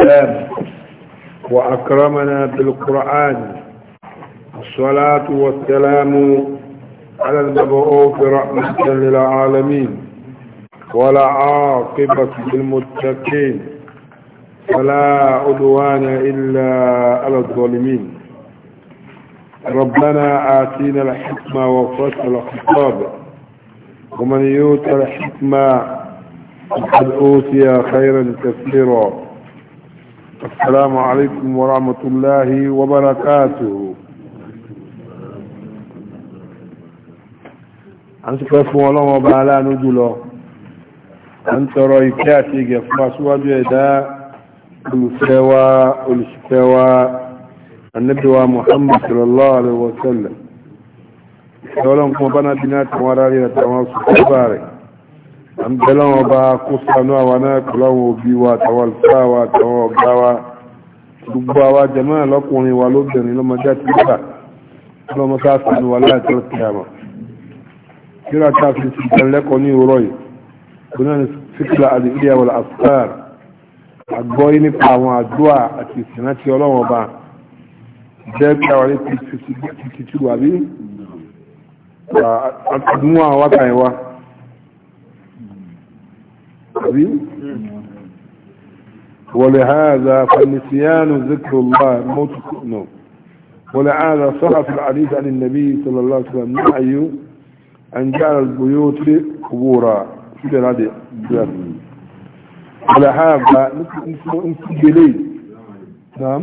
الإسلام وأكرمنا بالقرآن الصلاة والسلام على المبعوث رحمة للعالمين ولا عاقبة للمتقين فلا عدوان إلا على الظالمين ربنا آتينا الحكمة وفصل الخطاب ومن يؤتى الحكمة فقد أوتي خيرا كثيرا السلام عليكم ورحمة الله وبركاته عن سكف الله وبعلا نجله أنت رأيكاتي كاتي جفما سوى جدا السوى السوى النبي محمد صلى الله عليه وسلم يقولون كما بنا بنات وراري وتواصل بارك an bẹ̀lọ́n ọba kó sánú àwọn náà kọlọ́wọ́ òbí wa tàwọn alfáà wa tàwọn ọ̀gá wa gbogbo àwa jẹ́mọ́ lọ́kùnrin wa lóbìnrin lọ́mọdé àti nígbà lọ́mọ tá a sánú wa láti ọ̀kẹ́ àmọ́ kíra tá a fi ti dán lẹ́kọ̀ọ́ ní òwúrọ̀ yìí kò náà ní fíkìlà àdìgbé àwọn àfáàr àgbọ́ قديم ولهذا فالنسيان ذكر الله متقن ولهذا صح في الحديث عن النبي صلى الله عليه وسلم نهي أن جعل البيوت قبورا في الهدي ولهذا مثل نعم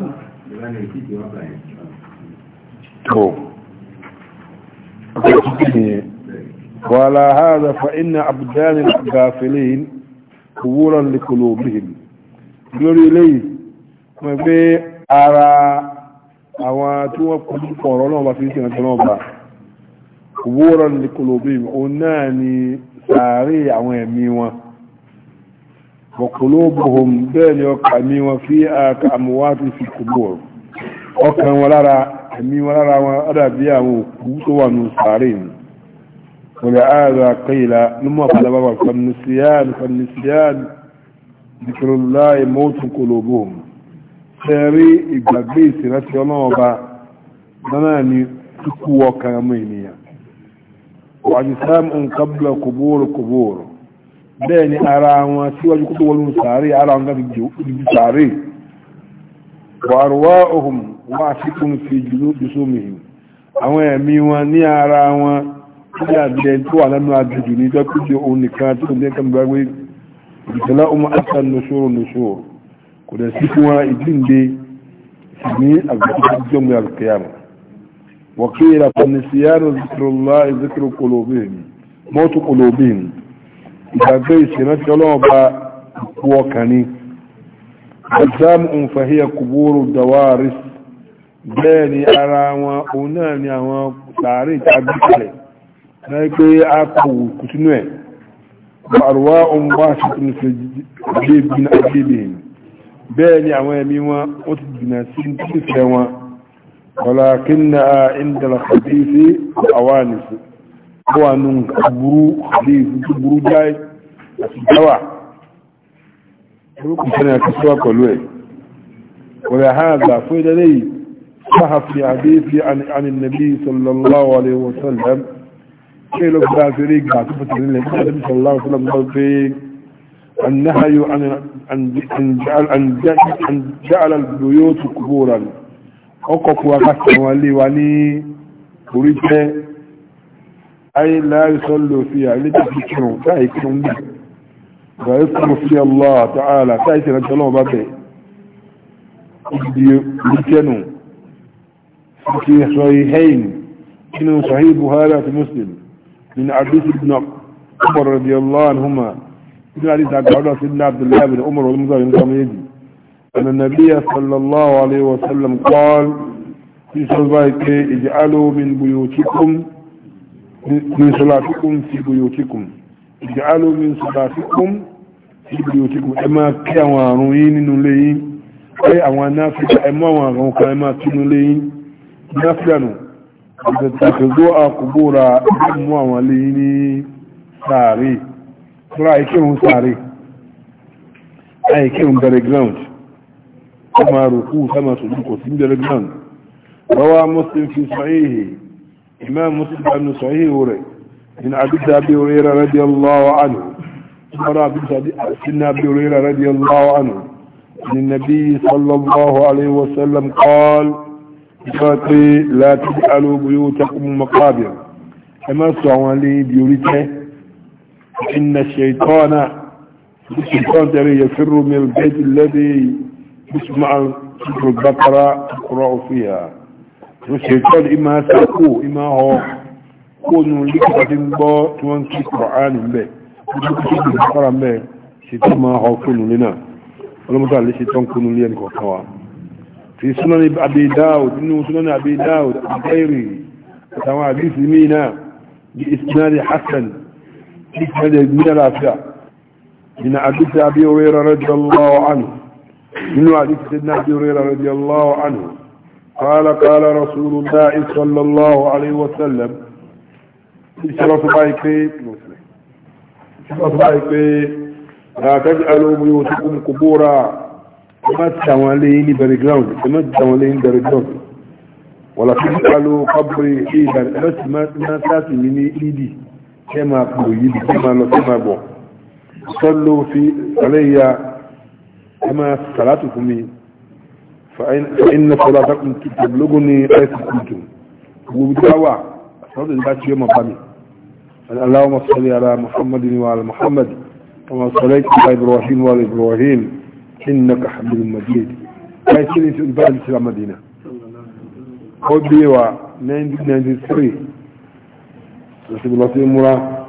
وعلى هذا فإن عبدان الغافلين kòwúrọ̀ ní qulubihim lórí eléyìí wọ́n pé ara àwọn tí wọ́n kú pọ̀rọ̀ náà bá fi ń sìnkà náà bá kòwúrọ̀ ní qulubihim o náà ni sàárè àwọn ẹ̀mí wọn bẹ́ẹ̀ ni ọkà mi wọn fi àkà àmúwátì fi qubur ọkàn wọn lára ẹ̀mí wọn lára wọn ọ̀dàbí àwọn òkú tó wà nù sàárè ولهذا قيل لما قال فالنسيان فالنسيان ذكر الله موت قلوبهم sẹ́rí ìgbàgbé ìsìnrántí ọlọ́ọba náà ni kíkú ọkàn ọmọ ènìyàn wàjú sáàmù nkábùlà kòbóòrò kòbóòrò bẹ́ẹ̀ ni ara wọn síwájú kó tó wọlé sàárè ara wọn gáfi jù sàárè wàrúwá ohun wá síkún fi jùsómìhìn àwọn ẹ̀mí wọn ní ara wọn ní àgbẹ̀ tó wà lánàá àjùjù ní jẹ́ kújẹ òun nìkan tí kò ní ẹ̀kẹ́ gbàgbé ìdìtẹ̀lá ọmọ àṣà nìṣòro nìṣòro kò dẹ̀ sí fún wa ìdíǹde ní àgbàdo jọmọ àlùkẹ́yàmù wọ́kìlá fọ̀nìṣìyàrò zikirulá ìzikiru kolobin mọ́tò kolobin ìgbàgbé ìṣẹ̀rántí ọlọ́ọ̀ba ìkú ọkàn ni exam nfahiyà kuburu dawaris bẹ́ẹ̀ ni ara wọn òun náà ni àwọn láyé pé a kàwò kùtùnú ẹ̀ àrùwá ohun wá ṣètò ní ṣèjìdìbìn àgbébìn bẹ́ẹ̀ ni àwọn ẹ̀mí wọn ó ti jìnà sí ìfẹ́ wọn kọlá kí ní a ìndàlá kàdífì àwà nìsí wà nù burú kàdífì tó burú jáì àti dáwà orúkú sẹ́ni àti sọ́wọ́ pẹ̀lú ẹ̀ wọ̀lẹ̀ àhàzà fún ìdẹ́lẹ́yìí sáhàfì àdífì àni nàbí sallallahu alaihi wasallam ṣe lọ gbá fèrè gbà tó fẹ́ tẹ̀lé lẹ́yìn tó tẹ̀lé sọ̀rọ̀ láwọn sọ́lọ́ gbọ́ pé annahayu an ja'ala al-buyut quburan ọkọ̀ fún akáṣà wọn lé wa ní orí jẹ́ ayé láàrín sọ́lọ́ fi àìlẹ́jọ́ fi kírun táì kírun bí bàyẹ̀ fún fi Allah ta'ala táì tẹ̀lé sọ́lọ́ bá bẹ̀ ìdí ìjẹ́nu fi sọ ìhẹ́yìn inú Buhari àti Muslim من عبد بن عمر رضي الله عنهما من حديث عبد الله سيدنا عبد الله بن عمر والمزار بن أن النبي صلى الله عليه وسلم قال في صلاتك اجعلوا من بيوتكم من صلاتكم في بيوتكم اجعلوا من صلاتكم في بيوتكم اما كوانوين نلين أي أوانا في أما وانوكا أما تنلين نفلانو ìtàkìzó àkùbúra mú àwọn lè ní sàárè tóra ìkírùn sàárè àìkírùn bẹ̀rẹ̀ ground ó máa rùkú sáma sòdúkọ̀ sí bẹ̀rẹ̀ ground rọwá muslim fi sọ́híhì imá muslim bá nù sọ́híhì rẹ̀ in abisa bí orera radiyallahu anhu mara abisa sinna bí orera radiyallahu anhu ni nabi sallallahu alaihi wasallam qala ìfẹ́ láti alóbúrí ó tẹ́kùn mọ́kàbíọ̀ ẹ má sọ àwọn alé ibi orí tẹ́ iná ṣètọ́nà ṣètọ́n tẹ́rẹ yẹ fẹ́rọ mẹ́rin bẹ́ẹ̀tì lẹ́bẹ̀ bísmà ṣùgbọ́n bàkàrà kúrọ̀ òfin yà ló ṣètọ́n ìmá sákò ìmá họ kó nu líkà tí ń gbọ́ tí wọ́n kí kùrọ̀án bẹ́ẹ̀ ojú kí ṣètọ́n bàkàrà máa họ kó nu lé náà ọlọ́mọdé àlẹ́ ṣètọ́n kó nu lé ẹnì wa في سنن أبي داود إنه سنن أبي داود غيره سواء حديث مينا بإسناد حسن إسناد من الأفياء من حديث أبي هريرة رضي الله عنه من حديث سيدنا أبي هريرة رضي الله عنه قال قال رسول الله صلى الله عليه وسلم اشرف بايك اشرف بايك لا تجعلوا بيوتكم قبورا ما تتعوالين بري جراوند ما تتعوالين بري جراوند ولا تسألوا قبري إيبا الأس ما تاتي مني إيدي كما قلوا يدي كما لو كما بو صلوا في علي كما صلاتكم فإن فإن صلاتكم تبلغني حيث كنتم ودعوا صلاة الباتي يوم بامي اللهم صل على محمد وعلى محمد كما صليت على إبراهيم وعلى إبراهيم إنك حميد مجيد كان سنة البلد في المدينة قديوة 1993 رسول الله سيد مرا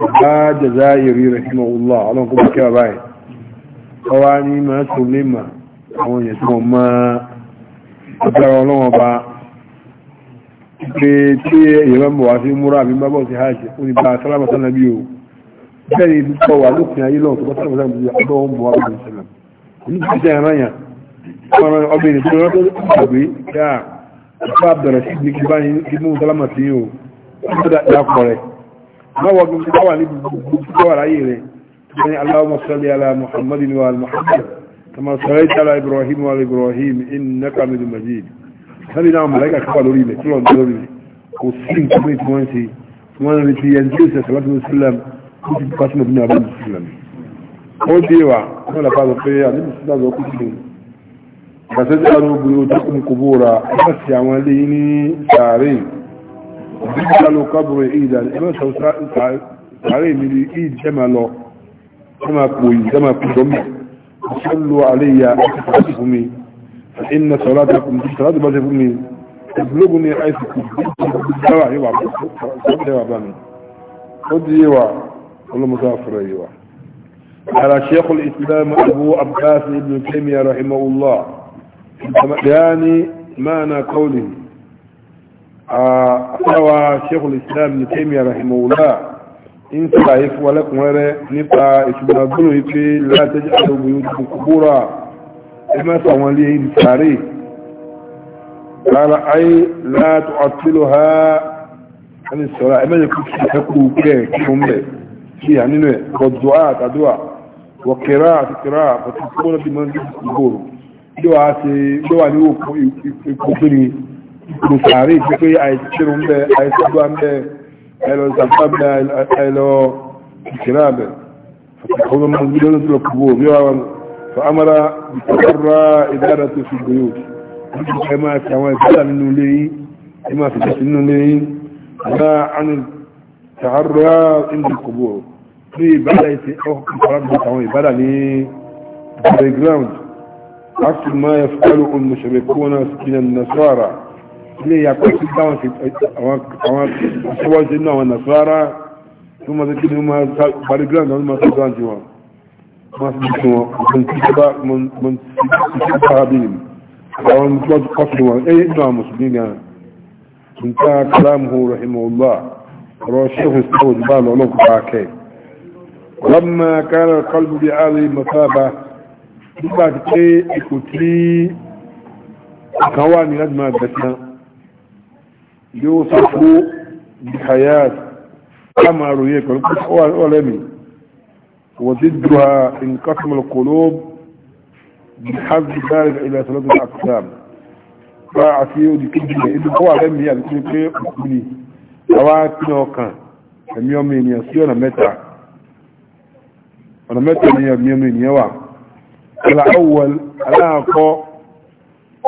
با جزائري رحمه الله على قبل كباي قواني ما سلم àwọn èèyàn tí wọ́n máa ọ̀dára ọlọ́wọ́n bá pé tí èèyàn mọ̀ wá sí múra àbí mábọ̀ sí hajj ó ní bá sálámà sánàbí o bẹ́ẹ̀ ni ìdúkọ̀ wà lópin ayé lọ́wọ́ tó bá sálámà sánàbí ọdọ́ wọn bọ̀ wá bọ̀ nígbàtí ẹ̀rọ yàn ọmọ obìnrin tó rọ́tọ́ ìgbàgbé yáà ìfẹ́ àbẹ̀rẹ̀ sí ibi kíbá ní mú sálámà sí o dákọ̀ rẹ̀ mọ́wọ́ gbogbo wà ní gbogbo wà láyé rẹ̀ ní Allahumma salli ala Muhammadin wa al-Muhammad kama sallaita ala Ibrahim wa al-Ibrahim innaka hamidun majid sábì náà mọ̀lẹ́kà kápá lórí ilẹ̀ kílọ̀ lórí ó ti pàṣẹ mọ̀ bí ní ó dé da wọ́n lè pé àníbi sí láti ọkùnrin sí ìgbàsẹ́ tí àwọn obìnrin ojú ẹgbẹ́ sí àwọn ilé ní sàárè òbí bí lálọ́ kábùrẹ̀ ẹgbẹ́ sàárè mi ní ìdí lọ jẹ́ pò yìí jẹ́ máa pò lọ́mì àléyà ẹgbẹ́ ní ọlọ́mọdé àfẹ́rẹ́ على شيخ الإسلام أبو عباس بن تيمية رحمه الله يعني معنى قوله سوى آه، شيخ الإسلام ابن تيمية رحمه الله إن سعيك ولكم هذا نبقى إشبابونه يقول لا تجعلوا بيوتكم قبورا إما سواليه إنساري قال أي لا تعطلها عن الصلاة إما يكون في حقوق كم يعني قد دعاء تدعاء وقراءة قراءة وتكون بمنزل الجبور دعاء دعاء لو يكوني مساري في أي شرهم به أي سبان به أي لو زفاب به أي لو قراءة به فتكون منزل الجبور فأمر بتقرى إدارة في البيوت كما كما كان منه لي كما في جسد منه لي لا عن التعرى عند القبور ní ìbádà ìsìn ọkùnrin àwọn ìbádà ní background láti máa yẹ fẹ́lú olùsọ̀rẹ̀kúnà sílẹ̀ nasara ilé yàtọ̀ sí dáwọn àwọn aṣọ́wọ́sí náà àwọn nasara tó máa tẹ́kí ní máa background àwọn máa tẹ́kí dáwọn tiwọn máa sì tún wọn ọ̀gbọ̀n tí ó bá mọ̀ sí bára bí àwọn mọ́tò kọfì wọn ẹ̀yẹ́ ìdùn àwọn mùsùlùmí gan nǹkan kalamuhu rahimahullah ọ̀rọ̀ ṣẹ́hùn sí ọ̀dùbá lọ́lọ́kùnrin لما كان القلب بهذه المثابة nígbà tí pé ipò tí ọkàn wà ní láti máa bẹ̀tán yóò sọ́kú bihayat a máa ròyìn pẹ̀lú pé ó wà lẹ́mì wọ́n ti dùn ha nǹkan tó mọ̀lọ̀ kòló bí hajj dáre ní ilẹ̀ sọ́lọ́tò àkùsàm bá àti òdì kejì rẹ̀ ibi kọ́wà lẹ́mì àti pé òkú ni àwa kí ọkàn ẹ̀mí ọmọ ènìyàn sí ọ̀nà mẹ́ta ọ̀nà mẹ́ta ni ẹ̀mí ọmọ ènìyàn wà aláwọ̀l aláàkọ́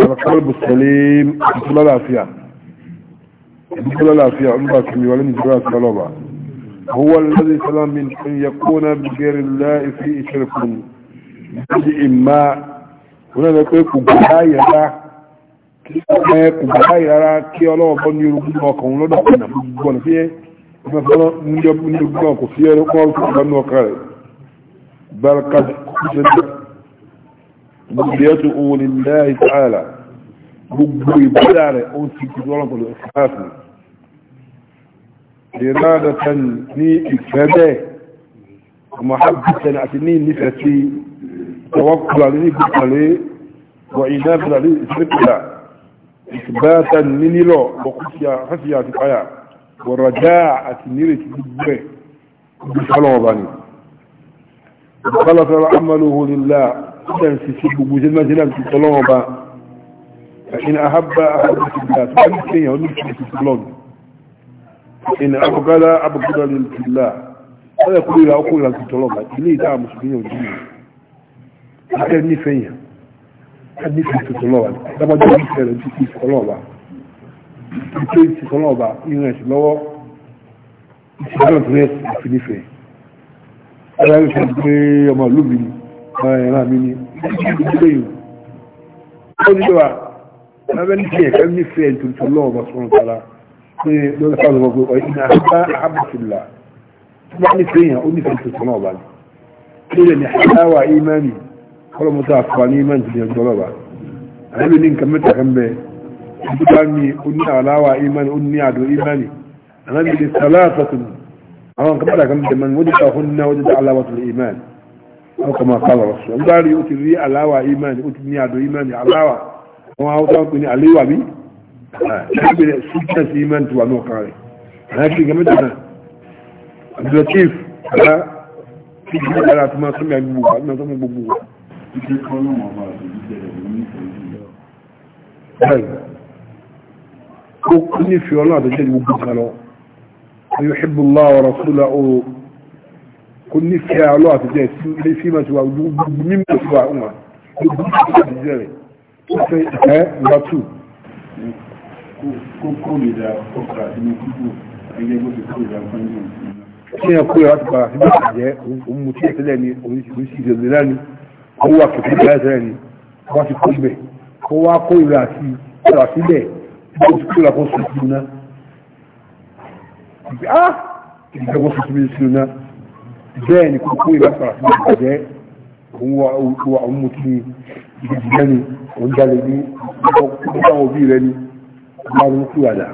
alkalbu salim ìtúlọ́láfíà ìtúlọ́láfíà ń bá kìí wọlé ní ìjọba sọlọ́ba هو الذي سلم من أن يكون بغير الله في شرك بدء ما هنا نقول كبهاي لا كبهاي لا كي الله بن يرغب وكون لنا بنا بنا فيه ما فلان نجيب نجيب وكفيه وكون لنا وكره بل قد مبديات أول الله تعالى بقوي بدارة أنسي كدولة الإخلاف إرادة ني إكفادة ومحبة أتني نفسي توقل عليه قلت عليه وإنابة عليه إثبتها إثباتا مني لو وقفيا حفيا تقيا ورجاعة نيرة بجوة بشلو بني خلف عمله لله كان في سب وجود مثلا في طلبة إن أحب أحب الله فأنت كي يهدف في طلبة إن أبغل أبغل لله هذا يقول لا أقول لك طلبة ليه دعا مسلمين ودين أتني فيها أتني في طلبة لما جاء مثلا في طلبة في طلبة إنه يسلوه يسلوه في نفسه ẹ̀rọ ìfẹ́ pé ọmọ ìlú mi ni ẹ̀rọ mi ni ìdílé yìí ó nílò à lábẹ́ ní tiẹ̀ kẹ́ ní fẹ́ tuntun lọ́wọ́ bá sọ̀rọ̀ tara pé lọ́dọ̀ fáwọn ọmọ pé ọ̀yìn náà bá àbùsùlà tó bá ní fẹ́ yàn ó ní fẹ́ tuntun náà bá ní kí àwọn kan bára kan dẹ̀mọ̀ wọ́n dìkà hún náà wọ́n dìkà aláwọ̀tò iman wọ́n kọ́ máa kọ́lọ̀ rọ̀sù wọ́n bá rí ó ti rí aláwà iman ó ti ní àdó iman aláwà àwọn haúsá ń pè ní aléwà bí ṣáàbìrẹ̀ ah, sùkúrẹ̀ sí iman ti wà ní ọkàn rẹ̀ àwọn kí n gẹ́mẹ́ dànà abdulatif ala ti jí ara tó máa sọmọ gbogbo wa máa sọmọ gbogbo wa. ìdí kan náà wà bá àtẹ̀jíṣẹ́ rẹ̀ ní يحب الله ورسوله كل نفسي على الله تجاه فيما سوى مما سوى أمه تجاه ها لا تو ṣe ẹ̀kọ́ ìwà ìgbà ah ìgbàgbọ́ tuntun mi sínú náà bẹ́ẹ̀ ni kókó ìbá fara fún ìbàjẹ́ òun wa òun mú kí ìgbàgbọ́ ni òun jalè ní ọkọ̀ òbí rẹ ni ọba ló ń kú àdá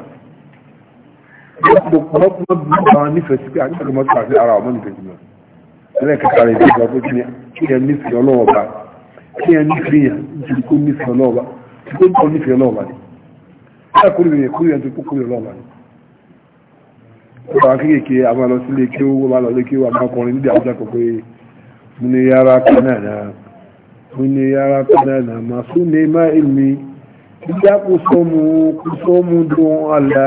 lọ́pọ̀lọpọ̀ bí wọ́n nífẹ̀ẹ́ sí pé àníkàlù mọ́ tàbí ara ọmọ nífẹ̀ẹ́ sí náà ẹlẹ́ẹ̀kẹta rẹ̀ ìgbà tó kí ẹ nífẹ̀ẹ́ ọlọ́wọ́ bá kí ẹ nífẹ̀ẹ́ yàn nítorí kó nífẹ̀ẹ́ ọlọ́wọ́ ọba kéèké àwọn àlọ sílé kí ó wọ́n bá lọ lé kí wọ́n akọrin nídìí àwùjọ kan pé mo ní yàrá kan náà náà mo ní yàrá kan náà náà mà sún ní má èmi ìjà kò sọmù kò sọmù dùn àlà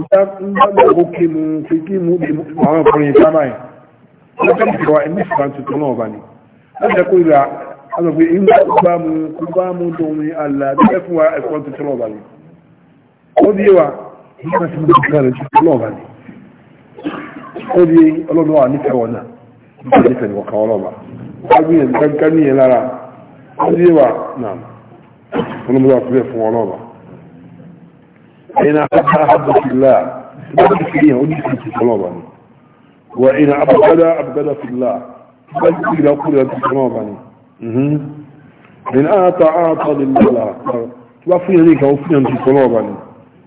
ìjà ń bá mi kó kí mu kí kí mu bí àwọn ọkùnrin yìí sábà yìí wọ́n fẹ́ mi wá ẹ̀mí ìfà tuntun náà ọba ni wọ́n jẹ́ kó ìlà àwọn pé ìgbà kó bá mu kó bá mu dùn àlà bí fún wa ẹ̀kọ́ tuntun náà ọba ni ó di wa. مرك من الخارج الله غني أبي الله نوع نتعونا مخالفة وقوالوما أبي كان كاني لا لا أبي وا نعم الله نوع كبير فوالوما إن أحب أحب في الله ما أحب فيه أني كنت في الله غني وإن أبقل أبقل في الله ما أحب فيه أقول أنت في الله غني إن أعطى أعطى لله توفي هنيك وفي أنت في الله غني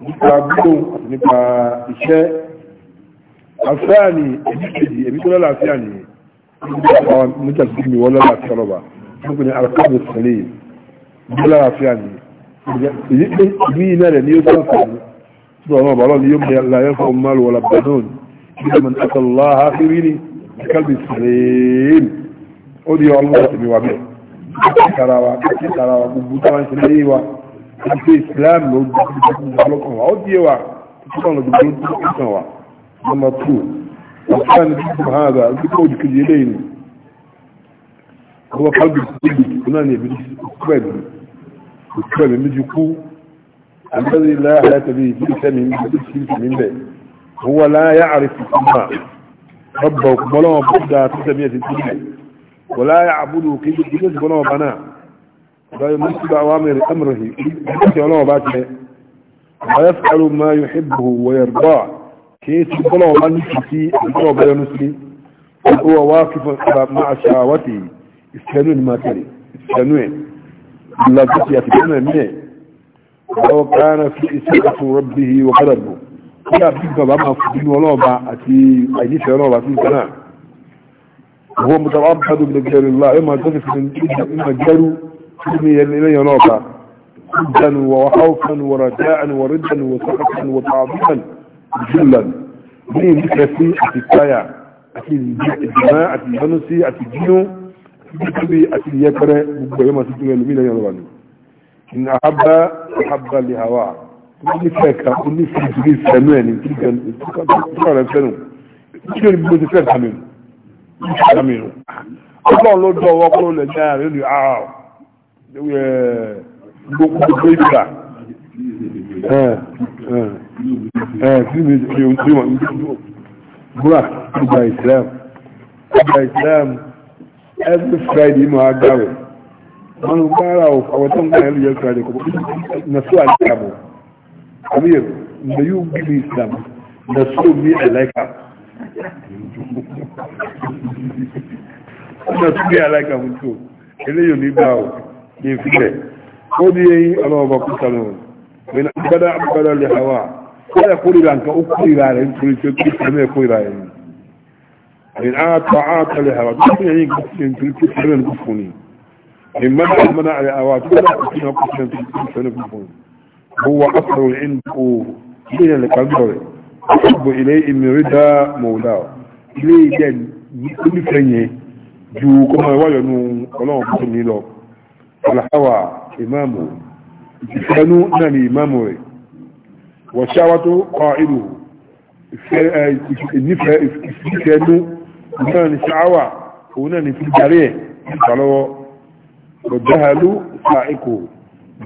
nípa gbóhùn nípa iṣẹ́ àfíà ní ẹbí kejì ẹbí tó lọ́láàfíà ní àwọn mọ́jà sí mi wọ́n lọ́láàfíà lọ́ba wọ́n pè ní alkabu sẹ́lẹ̀ ìbí lọ́láàfíà ní ìbí iná rẹ̀ ní ó sọ́n fàánù tó àwọn ọ̀bàlọ́ ni yóò mú láyé fún ọmọ mọ́lù wọlá bẹ̀rún ní ọmọ akọlọ́ àfírí ní alkabu sẹ́lẹ̀ ó di ọlọ́wọ́ tẹ̀mí wa bẹ́ẹ̀ kí karawa kí karawa gbogbo táwọn ṣe lé wa àti islam ló ń dúró ní ọlọ́kàn wa ó díẹ̀ wa tó ń lọ́dún ló ń dúró ní ọ̀sán wa nọmba two ọ̀sán ní bíbí mahada bíbí òdì kejì eléyìí ni àwọn kábí síbi tó náà ní ẹ̀mí òkú ẹ̀mí òkú ẹ̀mí méjì kú àbẹ́rẹ́ ilẹ̀ ayé tẹ̀lé ìdí ìsẹ́mi ní ìdí ìsẹ́mi bẹ̀ wọ́n wà láyé àrífì kúmà rọ́bà òkú لا يمسك أوامر أمره ويفعل ما يحبه ويرضاه كيس يقولوا من في يقولوا بيونسلي هو واقف مع شهوته استنون ما كان استنون لا تسيا تبنى منه لو كان في إساءة ربه وقدره يا بيبقى بما فدين ولا ما أتي أيدي ولا ما في كلام هو متعبد من غير الله إما تصف من إما جارو لن ينوبا حبا وخوفا ورجاء وردا وسخطا وتعظيما جلا ní ìfẹ́sí àti káyà àti ìjìnà àti ìbánúsí àti jínú tíbi àti ìyẹ́pẹrẹ gbogbo ẹ̀yọ́ masu jùlọ ìlú mílíọ̀nù wà ní ìnà àbá àbá lè hàwà onífẹ́ ka onífẹ́ ìdílé ìfẹ́nú ẹ̀ ní ìtúkọ̀ rẹ̀ fẹ́nu kí ló ní gbogbo ti fẹ́ kàmínú ọlọ́run ló dọ̀ ọwọ́ kúrò lẹ̀ ní àárín ìlú àárọ̀ gbogbo ìgbà búra ìgbà islam ìgbà islam every friday mo agbáwẹ̀ wọn ló gbára àwọn tó ń gbà ẹlú yẹn friday kò bọ́ nàṣó àlẹ́kàbọ̀ amir ǹdẹ yóò gbé ní islam nàṣó mi àlẹ́kà nàṣó mi àlẹ́kà mú tó eléyìí ò ní gbà ọ́ ìfilẹ̀ ó di eyín ọlọ́ọ̀bọ̀ kú sanu ìnà gbọ́dọ̀ gbọ́dọ̀ lè hawa ó yẹ kórìíra nǹkan ó kórìíra rẹ̀ nítorí pé kí sẹ́mi ẹ̀ kórìíra rẹ̀ ni ìnà àtọ̀ àtọ̀ lè hawa tó fi yẹn kó fi nítorí pé sẹ́mi ẹ̀ kó fún ni ìmọ̀ náà mọ̀ náà rẹ̀ hawa tó yẹ kó fi kó fi nítorí pé sẹ́mi ẹ̀ kó fún ni bó wà á sọ̀rọ̀ ń kó ilé yẹn lè kàn bọ̀ rẹ̀ ọ̀bọ̀ ilé ìmìrìdá mọ̀ọ́lá ilé ìdẹ́ nífẹ̀ẹ́ yẹn ju kọ́mọ ìwáyọ̀ nù ọlọ́run tó ní lọ alhawa imamu ìfẹ́nú náà ni imamu rẹ̀ wọ̀ṣáwátó kọ ìlú ìfẹ́nú náà ni ṣáwà òun náà ni fi darí ẹ̀ ìfàlọ́wọ́ ọ̀dáhàlú sa'ikò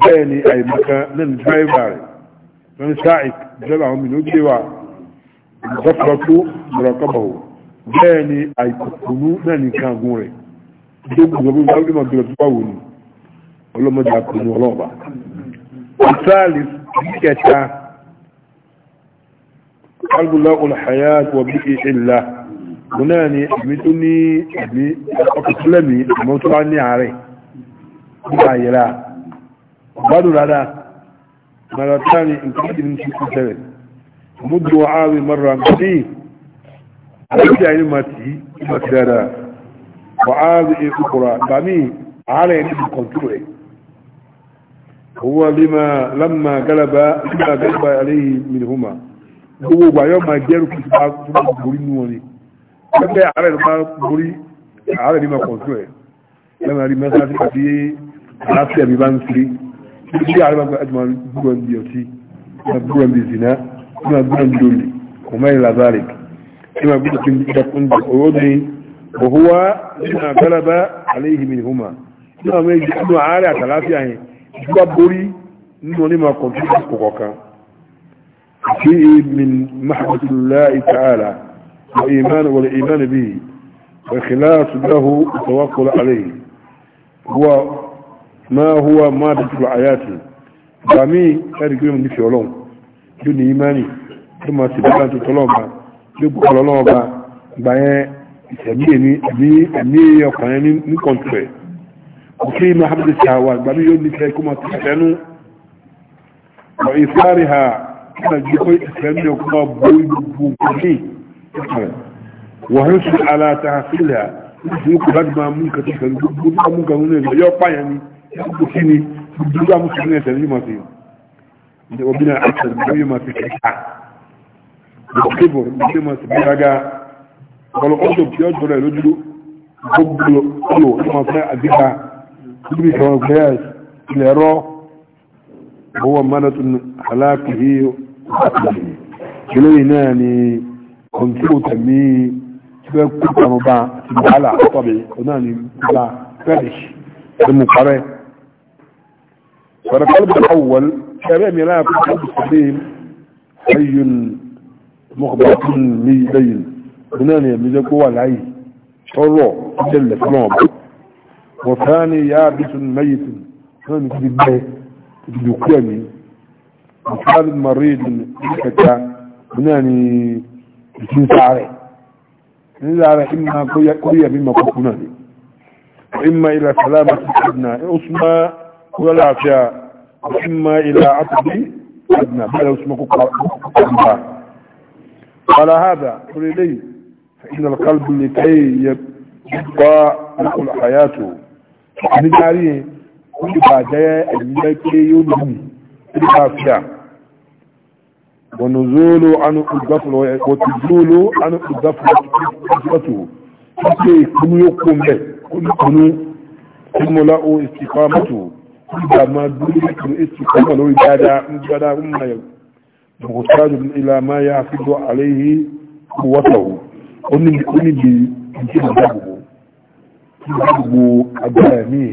bẹ́ẹ̀ ni àìmọ́ká náà ni dráìvà rẹ̀ wọ́n sa'ik jẹ́lá àwọn mìíràn gbé wa ìdọ́fọ́tó mọ̀rọ̀kọ́bọ̀ bẹ́ẹ̀ ni àìkòkòrò náà ni kàngún rẹ̀ gbogbo gbogbo gbogbo gbogbo gbogbo gbogbo ọlọ́mọdé akọni ọlọ́ọ̀bà ìsáàlì kẹta alùpùpù olùhàyà wọ bí ìlà mo náà ni èmi tó ní èmi ọkùnrin mi àmọ́ tó wá ní àárẹ̀ nípa àyẹ̀rà ọ̀gbádùn rárá maratani nǹkan ìdí ní ṣíkú sẹ́rẹ̀ mú dùn ààrẹ mara ní àti àyè màtí màtí dáadáa wà ààrẹ èkúkúra gbàmí ààrẹ ní kọ̀ntúrẹ̀ هو لما لما قلب لما قلب عليه منهما هو ويوم ما جرو كتاب بوري نوني كده على ما بوري على ما كنتوه لما لما ساتي في ناس يبي بانسلي كده على ما أجمع بورن ديوتي بورن ما بورن دولي وما إلى ذلك كما قلت إن إذا كنت أودني وهو لما قلب عليه منهما لما يجي أنه عالي على ثلاثة يعني ìjọba borí nínú onímọ̀ kọ̀ǹpútà kọ̀kọ̀ kan fi min mahamdulilayi ta'ala wa iman wa iman bi wa khilas lahu tawakkul alayhi huwa ma huwa ma bi ayati bami erigrim ni fi olon ju ni imani to ma ti ba to tolon ba ju ko olon ba gba yen ìṣẹ̀mí ẹ̀mí ẹ̀mí ọkàn ẹni ní kọ̀ǹtù ẹ̀ وفي محمد الشهوات بل يولي فيكم تحسنوا وإثارها كان جيكوي إسلامي وكما بوي بوكي وحرص على تحصيلها يقول لك ما منك تحسن يقول لك منك هنا يقع يعني يقول كيني يقول لك مسلمين يسلم ما فيه وبنا أكثر بوي ما في كيسا وكبر بوي ما سبيرها ولو أصب يجب أن يجب gbogbo ọlọ ọmọ fẹ àdìgbà níbi kan gbẹ́yàs ilẹ̀ rọ́ owó mọ́nàtò aláàkìhí eléyìí náà ni kọ̀ǹtírò tẹ̀mí tí wọ́n kú kanúbá ti bàálà tọ́bi náà ni gbà fẹ́rẹ̀ṣ tí mo parẹ́ فرقل بالأول كلام لا يقول السليم حي مخبر مي بين هنا يملكوا العين شرع جل في نوبه وثاني يابس ميت ثاني في البيت يقيمي وثالث مريض كتا بناني بسين سعري إن سعري إما قوية بما كناني وإما إلى سلامة أدنى أسمى ولا عشاء وإما إلى عطب أدنى بلا أسمى كقربا قال هذا قل لي فإن القلب لكي يبقى نقل حياته àbíkárí ẹ̀ ó lè bà jẹ́ ẹ̀lúgbẹ́ pé yóò lù mí ó lè bà fíà wọ̀nà zóòlò anú ìgbàfọ̀lọ̀ ẹ̀kọ́ ti zóòlò anú ìgbàfọ̀lọ̀ ìgbàfọ̀tò ó pé ìkúnú yóò kó mẹ́ ó lè kúnú ó mọ̀ láwọ ìsìnkà mọ́tò ó gbà máa dúró lórí ìsìnkà mọ́ lórí dáadáa ń dáadáa tí gbogbo agbára mi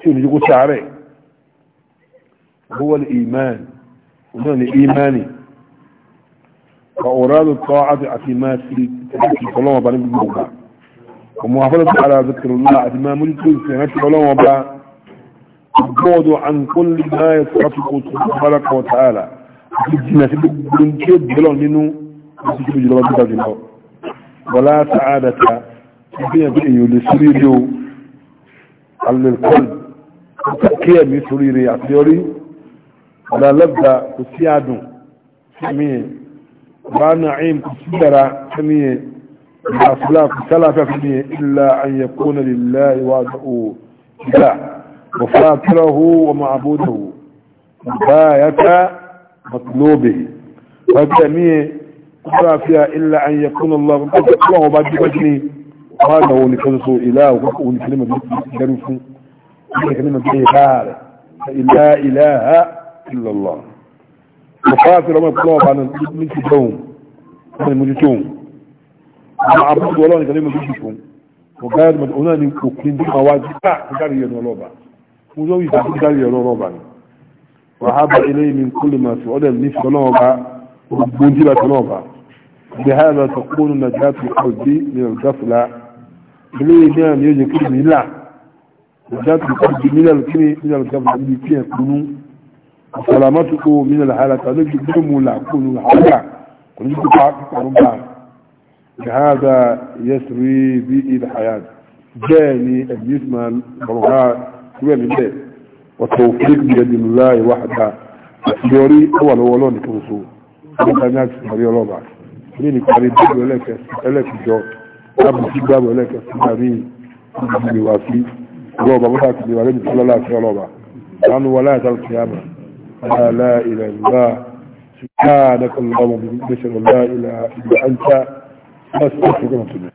tí ò ní sáré هو الإيمان وهو الإيمان وأراد الطاعة أتمات في الصلاة وبعد الجمعة ومحافظة على ذكر الله أتمام ملك سنة العلماء وبعد البعد عن كل ما يتعطق تبارك وتعالى الجنة ولا سعادة ìgbéyàn pé èyàn lè sórí rí o alẹ́kọ́lù kí ẹ̀mí sórí rí àṣeyọrí ọ̀dà lọ́gbà kò sí àdùn sẹ́mi yẹn bá náà ẹ̀yìn kò sí dára sẹ́mi yẹn ìgbà fúlà kò sálàfẹ́ fún mi yẹn ìlà àyẹ̀kọ́ náà lè lẹ́ ìwà wọ́fà tẹ́lẹ̀ hó ọmọ àbódò bá yàtá mọ̀tòlóbè wọ́n tẹ̀mí yẹn kó sálàfẹ́ ìlà àyẹ̀kọ́ náà lọ́wọ́ wanda wani kan so ila ko wani kalma da garin su wani kalma da ya fara ila ilaha illa Allah ko fatir ma ko ba nan min ci don ko mu ci don amma abu da wani kalma da shi ko ko ga da ona ni ko kin da waji ta ga riya no loba mu zo yi ta ga riya no loba ni wa haba ilay min kulli ma fi odal ni ko loba ko bunti ba ko loba بهذا تكون نجاة القلب من الغفلة eléyìí náà ni ó yẹ kí mi là ìdáàtì kọ́jú mílíọ̀nù kí ni mílíọ̀nù gàmà níbi tí ẹ̀ kúnú àfàlàmọ́tò kó mílíọ̀nù àhàlàtà lójú gbọ́dọ̀ mú là kúnú àhàlà kò ní kó pàrọ̀ bá ìhàdà yẹsùrí bí ilẹ̀ hayat bẹ́ẹ̀ ni ẹ̀mí ìsìnmá bọ̀rọ̀gá kúrẹ́ mi bẹ́ẹ̀ wọ́tọ̀ òfin bí ẹni lọ́la ìwà àdá àtìyọrí ó lọ́wọ́ lọ́nà báàbù sí báàbù ẹlẹ́kẹ̀ sí àrí ìgbìmọ̀ wá sí ọlọ́ọ̀bà mọ́ta kìlì wà lẹ́bi tọ́lá láti ọlọ́ọ̀bà lánú wa láyà tàbí kìyàmà ala ilẹ̀ ìlà سبحانك اللهم وبحمدك لا اله الا انت استغفرك واتوب اليك